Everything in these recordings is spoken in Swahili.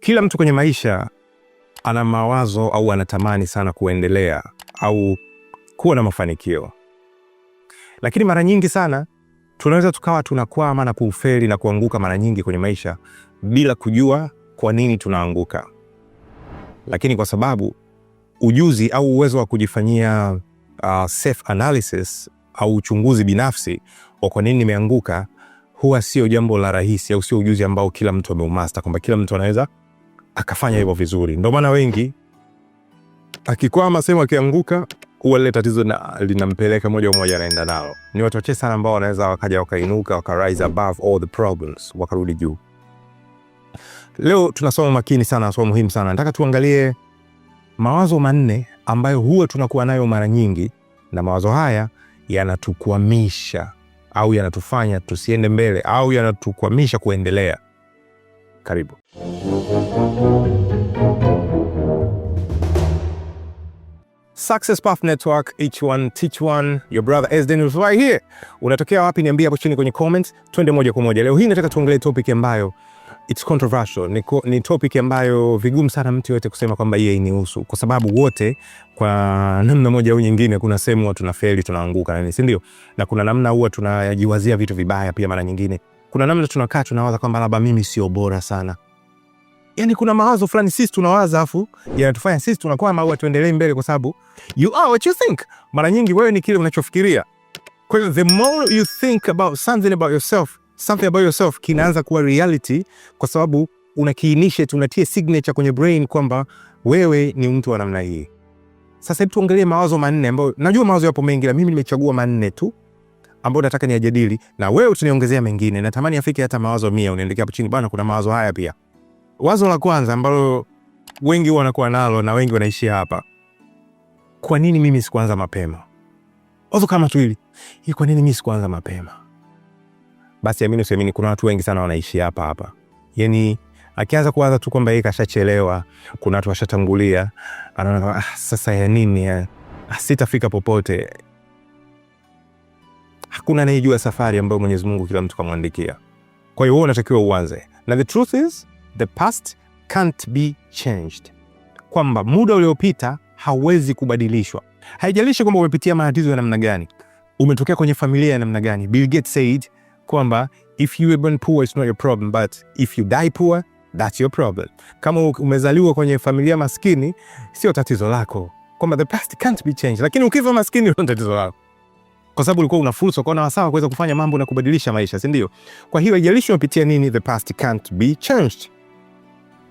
Kila mtu kwenye maisha ana mawazo au anatamani sana kuendelea au kuwa na mafanikio, lakini mara nyingi sana tunaweza tukawa tunakwama na kufeli na kuanguka mara nyingi kwenye maisha bila kujua kwa nini tunaanguka, lakini kwa sababu ujuzi au uwezo wa kujifanyia uh, self analysis au uchunguzi binafsi wa kwa nini nimeanguka huwa sio jambo la rahisi, au sio ujuzi ambao kila mtu ameumasta kwamba kila mtu anaweza akafanya hivyo vizuri. Ndio maana wengi akikwama sehemu, akianguka huwa lile tatizo linampeleka moja kwa moja, anaenda nalo. Ni watu wachache sana ambao wanaweza wakaja wakainuka, waka rise above all the problems, wakarudi juu. Leo tunasoma makini sana, somo muhimu sana. Nataka tuangalie mawazo manne ambayo huwa tunakuwa nayo mara nyingi, na mawazo haya yanatukwamisha au yanatufanya tusiende mbele au yanatukwamisha kuendelea. Karibu. Success Path Network, each one teach one, your brother Ezden is right here. Unatokea wapi? Niambie hapo chini kwenye comments. twende moja kwa moja. Leo hii nataka tuongelee topic ambayo it's controversial. Ni, ko, ni topic ambayo vigumu sana mtu yote kusema kwamba yeye inihusu, kwa sababu wote kwa namna moja au nyingine, kuna sehemu huwa tunafeli, tunaanguka na si ndio? Na kuna namna huwa tunajiwazia vitu vibaya pia mara nyingine. Kuna namna tunakaa tunawaza kwamba labda mimi sio bora sana yani kuna mawazo fulani sisi tunawaza afu yanatufanya sisi tunakuwa maua tuendelee mbele, kwa sababu you are what you think. Mara nyingi wewe ni kile unachofikiria. Kwa hiyo the more you think about something about yourself, something about yourself kinaanza kuwa reality, kwa sababu unakiinisha, unatia signature kwenye brain kwamba wewe ni mtu wa namna hii. Sasa hebu tuangalie mawazo manne ambayo najua mawazo yapo mengi, na mimi nimechagua manne tu ambayo nataka niyajadili na wewe, utaniongezea mengine. Natamani afike hata mawazo mia. Unaendelea hapo chini bwana, kuna mawazo haya pia. Wazo la kwanza ambalo wengi wanakuwa nalo na wengi wanaishi hapa, kwa nini mimi sikuanza mapema? Wazo kama tu hili, kwa nini mimi sikuanza mapema? Basi amini usiamini, kuna watu wengi sana wanaishi hapa hapa, yani akianza kuwaza tu kwamba yeye kashachelewa, kuna watu washatangulia, anaona ah, sasa ya nini ya ah, sitafika popote. Hakuna anayejua safari ambayo Mwenyezi Mungu kila mtu kamwandikia. Kwa hiyo wewe unatakiwa uanze, na the truth is the past can't be changed, kwamba muda uliopita hauwezi kubadilishwa. Haijalishi kwamba umepitia matatizo ya namna gani, umetokea kwenye familia ya namna gani. Bill Gates said kwamba if you were born poor it's not your problem but if you die poor that's your problem. Kama umezaliwa kwenye familia maskini sio tatizo lako, kwamba the past can't be changed, lakini ukifa maskini ndio tatizo lako kwa sababu ulikuwa una fursa kwa na wasawa kuweza kufanya mambo na kubadilisha maisha, si ndio? Kwa hiyo haijalishi umepitia nini, the past can't be changed.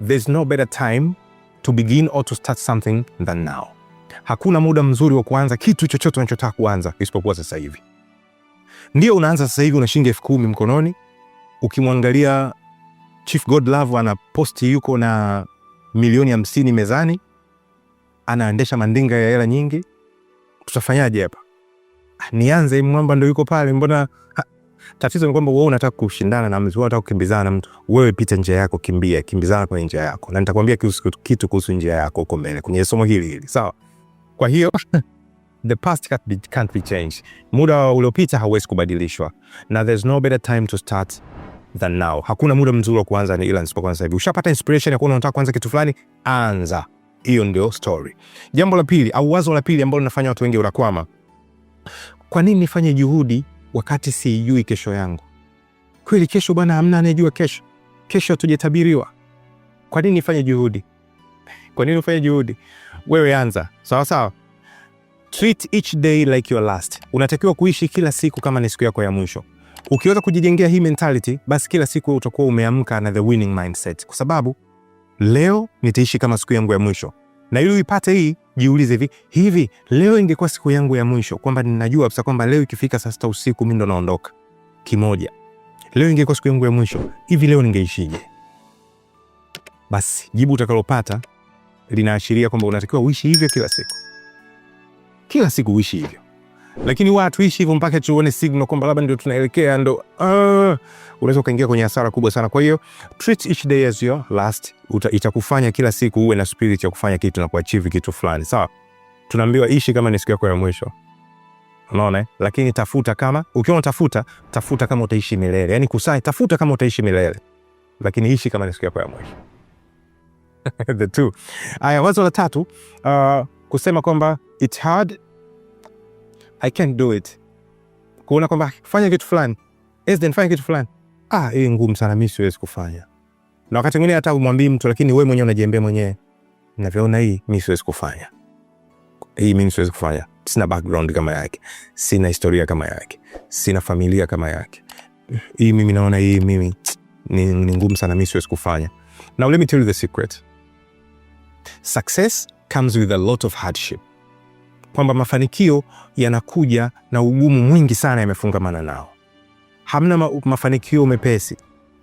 There's no better time to begin or to start something than now. Hakuna muda mzuri wa kuanza kitu chochote unachotaka kuanza isipokuwa sasa hivi. Ndio unaanza sasa hivi, una shilingi elfu kumi mkononi. Ukimwangalia Chief Godlove ana posti, yuko na milioni hamsini mezani, anaendesha mandinga ya hela nyingi. Tutafanyaje hapa? Nianze mwamba, ndo yuko pale, mbona Tatizo ni kwamba wewe unataka kushindana na mtu, wewe unataka kukimbizana na mtu. Wewe pita njia yako, kimbia, kimbizana kwenye njia yako, na nitakwambia kitu kuhusu njia yako huko mbele kwenye somo hili hili, sawa? Kwa hiyo the past can't be, can't be changed. Muda uliopita hauwezi kubadilishwa, na there's no better time to start than now. Hakuna muda mzuri wa kuanza ila isipokuwa sasa hivi. Ushapata inspiration ya kuona unataka kuanza kitu fulani, anza. Hiyo ndio story. Jambo la pili au wazo la pili ambalo linafanya watu wengi wanakwama, kwa nini nifanye juhudi wakati siijui kesho yangu. Kweli kesho bwana, hamna anayejua kesho. Kesho hatujatabiriwa. Kwa nini nifanye juhudi? Kwa nini ufanye juhudi? Wewe anza, sawa sawa. Treat each day like your last. Unatakiwa kuishi kila siku kama ni siku yako ya mwisho. Ukiweza kujijengea hii mentality, basi kila siku utakuwa umeamka na the winning mindset, kwa sababu leo nitaishi kama siku yangu ya mwisho. Na ili uipate hii, jiulize hivi hivi, leo ingekuwa siku yangu ya mwisho, kwamba ninajua kabisa kwamba leo ikifika saa sita usiku mimi ndo naondoka kimoja. Leo ingekuwa siku yangu ya mwisho, hivi leo ningeishije? Basi jibu utakalopata linaashiria kwamba unatakiwa uishi hivyo kila siku, kila siku uishi hivyo lakini huwa hatuishi hivyo mpaka tuone signal kwamba labda ndio tunaelekea ndo, uh, unaweza ukaingia kwenye hasara kubwa sana. Kwa hiyo treat each day as your last, itakufanya kila siku uwe na spirit ya kufanya kitu na kuachieve kitu fulani, sawa? Tunaambiwa ishi kama ni siku yako ya mwisho, unaona, eh? lakini tafuta kama ukiona, tafuta tafuta kama utaishi milele, yani kusai, tafuta kama utaishi milele, lakini ishi kama ni siku yako ya mwisho the two. Aya, wazo la tatu, uh, kusema kwamba it's hard I can't do it. Kuona kwamba fanya kitu fulani, Ezden fanya kitu fulani, ah, hii ngumu sana, mimi siwezi kufanya. Na wakati mwingine hata umwambii mtu, lakini wewe mwenyewe unajiambia mwenyewe, ninavyoona hii mimi siwezi kufanya, hii mimi siwezi kufanya. Sina background kama yake, sina historia kama yake, sina familia kama yake. Hii mimi naona hii mimi ni, ni ngumu sana, mimi siwezi kufanya. Now let me tell you the secret. Success comes with a lot of hardship kwamba mafanikio yanakuja na ugumu mwingi sana, yamefungamana nao. Hamna ma mafanikio mepesi.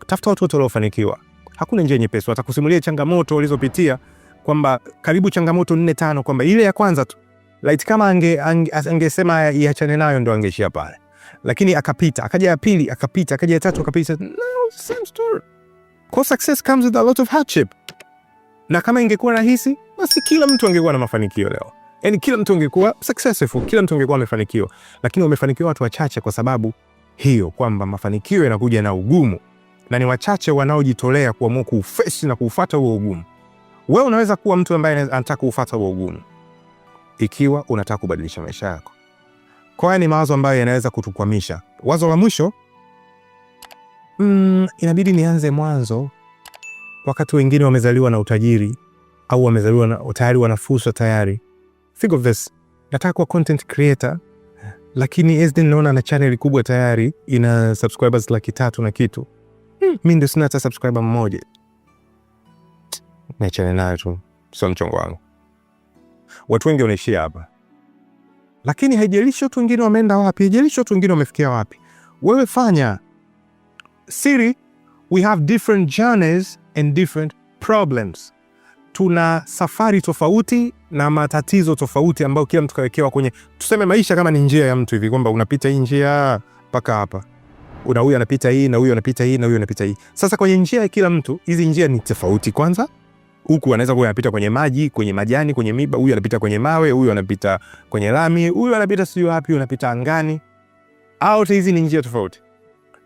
Tafuta watu wote waliofanikiwa, hakuna njia nyepesi. Watakusimulia changamoto walizopitia, kwamba karibu changamoto nne tano, kwamba ile ya kwanza tu light, kama ange, ange, angesema iachane nayo ndo angeishia pale, lakini akapita. Akaja ya pili akapita, akaja ya tatu akapita. No, same story. Kwa success comes with a lot of hardship, na kama ingekuwa rahisi, basi kila mtu angekuwa na mafanikio leo yani kila mtu angekuwa successful, kila mtu angekuwa amefanikiwa, lakini wamefanikiwa watu wachache, kwa sababu hiyo kwamba mafanikio yanakuja na ugumu na ni wachache wanaojitolea kuamua kuufesi na kuufuata huo ugumu. Wewe unaweza kuwa mtu ambaye anataka kuufuata huo ugumu ikiwa unataka kubadilisha maisha yako. Kwa hiyo ni mawazo ambayo yanaweza kutukwamisha. Wazo la mwisho mm, inabidi nianze mwanzo, wakati wengine wamezaliwa na utajiri au wamezaliwa na tayari wana fursa tayari Think of this, nataka kuwa content creator lakini SD naona na channel kubwa tayari ina subscribers laki tatu na kitu. Hmm. Mimi ndio sina hata subscriber mmoja. Niachane nayo tu, sio mchongo wangu. Watu wengi wanaishia hapa, lakini haijalishi watu wengine wameenda wapi, haijalishi watu wengine wamefikia wapi, wewe fanya siri. We have different journeys and different problems tuna safari tofauti na matatizo tofauti ambayo kila mtu kawekewa kwenye, tuseme maisha kama ni njia ya mtu hivi, kwamba unapita hii njia mpaka hapa, una huyu anapita hii na huyu anapita hii na huyu anapita hii. Sasa kwenye njia ya kila mtu, hizi njia ni tofauti. Kwanza huku anaweza kuwa anapita kwenye maji, kwenye majani, kwenye miba, huyu anapita kwenye mawe, huyu anapita kwenye lami, huyu anapita sijui wapi, anapita angani. Au hizi ni njia tofauti,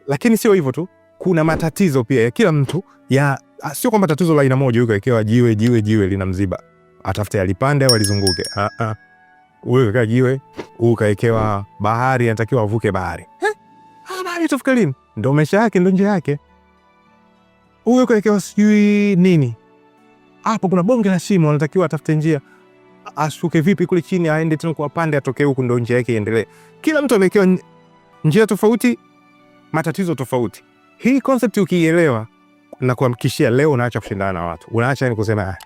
lakini sio hivyo tu kuna matatizo pia ya kila mtu ya ah, sio kwamba tatizo la aina moja, huko ikiwa jiwe jiwe jiwe linamziba, atafute alipande au alizunguke. Ah ah, huyu kakaa jiwe, huyu kaekewa bahari, anatakiwa avuke bahari. Ah, bahari lini? ndo maisha yake, ndo njia yake. Huyu kaekewa sijui nini, hapo kuna bonge la shimo, anatakiwa atafute njia ashuke vipi kule chini, aende tena kwa pande, atoke huku, ndo njia yake iendelee. Kila mtu amewekewa njia tofauti, matatizo tofauti. Hii concept ukiielewa, na kuamkishia leo unaacha kushindana na watu, unaacha ni yaani kusema ah,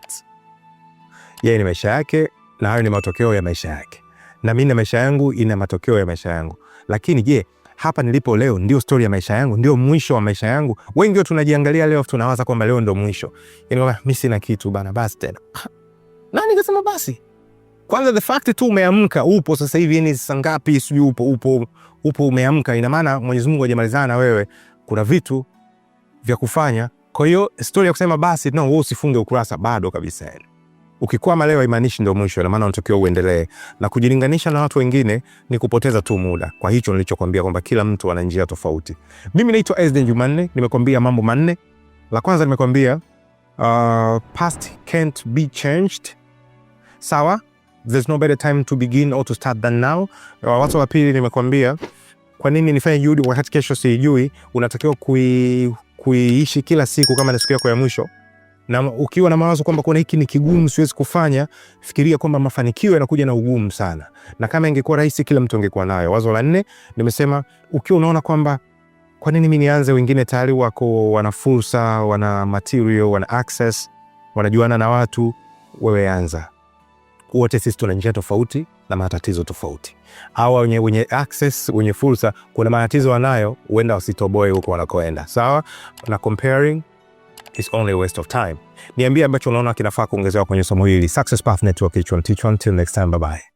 yeye ni maisha yake na hayo ni matokeo ya maisha yake, na mimi na maisha yangu ina matokeo ya maisha yangu. Lakini je, hapa nilipo leo ndio stori ya maisha yangu? Ndio mwisho wa maisha yangu? Wengi wetu tunajiangalia leo, tunawaza kwamba leo ndio mwisho, yani mimi sina kitu bana, basi tena na nikasema basi kwanza the fact tu umeamka upo sasa hivi, yani saa ngapi sijui upo upo upo umeamka, ina maana Mwenyezi Mungu hajamalizana na wewe kuna vitu vya kufanya. Kwa hiyo stori ya kusema basi no, wewe usifunge ukurasa bado kabisa, yani ukikwama leo haimaanishi ndio mwisho, na maana unatakiwa uendelee. Na kujilinganisha na watu wengine ni kupoteza tu muda. Kwa hicho nilichokwambia kwamba kila mtu ana njia tofauti. Mimi naitwa Ezden Jumanne, nimekwambia mambo manne. La kwanza nimekwambia uh, past can't be changed, sawa, there's no better time to begin or to start than now. Uh, watu wa pili nimekwambia kwa nini nifanye juhudi wakati kesho siijui? Unatakiwa kui, kuiishi kila siku kama ni siku yako ya mwisho, na ukiwa na mawazo kwamba kuna hiki ni kigumu, siwezi kufanya, fikiria kwamba mafanikio yanakuja na ugumu sana, na kama ingekuwa rahisi kila mtu angekuwa nayo. Wazo la nne nimesema, ukiwa unaona kwamba kwa nini mimi nianze, wengine tayari wako, wana fursa, wana material, wana access, wanajuana na watu, wewe anza wote sisi tuna njia tofauti na matatizo tofauti. Hawa wenye, wenye access wenye fursa, kuna matatizo wanayo, huenda wasitoboe huko wanakoenda. Sawa na comparing is only a waste of time. Niambie ambacho unaona kinafaa kuongezewa kwenye somo hili. Success Path Network, each one teach one. Till next time, bye bye.